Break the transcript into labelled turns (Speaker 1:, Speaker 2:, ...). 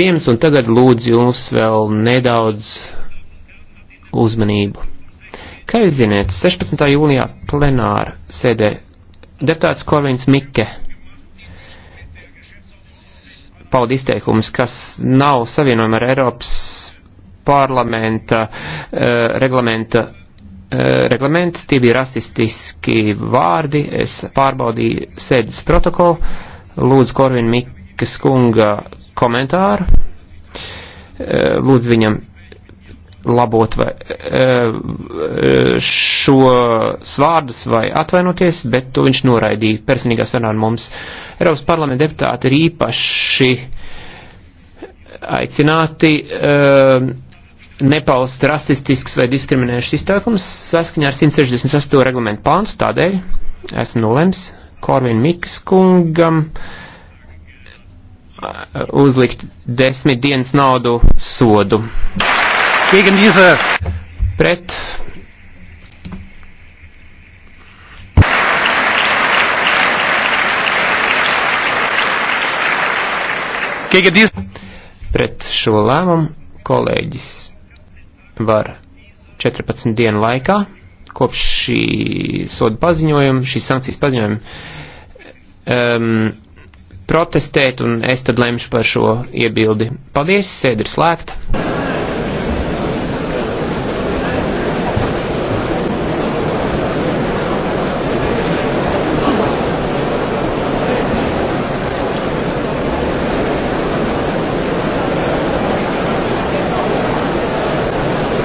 Speaker 1: pieņemts, un tagad lūdzu jums vēl nedaudz uzmanību. Kā jūs ziniet, 16. jūnijā plenāra sēdē deputāts Korvins Mikke pauda izteikums, kas nav savienojama ar Eiropas parlamenta uh, reglamenta eh, reglaments, tie bija rasistiski vārdi, es pārbaudīju sēdes protokolu, lūdzu Korvin Mikas kunga komentāru, eh, lūdzu viņam labot vai, eh, šos vārdus vai atvainoties, bet to viņš noraidīja personīgā sarunā ar mums. Eiropas parlamenta deputāti ir īpaši aicināti eh, nepaust rasistisks vai diskriminējušs izteikums saskaņā ar 168. reglamentu pāntu, tādēļ esmu nolems Korvin Mikas kungam. Uh, uzlikt desmit dienas naudu sodu. Diese... Pret. Diese... Pret šo lēmumu kolēģis var 14 dienu laikā kopš šī soda paziņojuma, šīs sankcijas paziņojuma um, protestēt, un es tad lemšu par šo iebildi. Paldies, sēdi ir slēgta.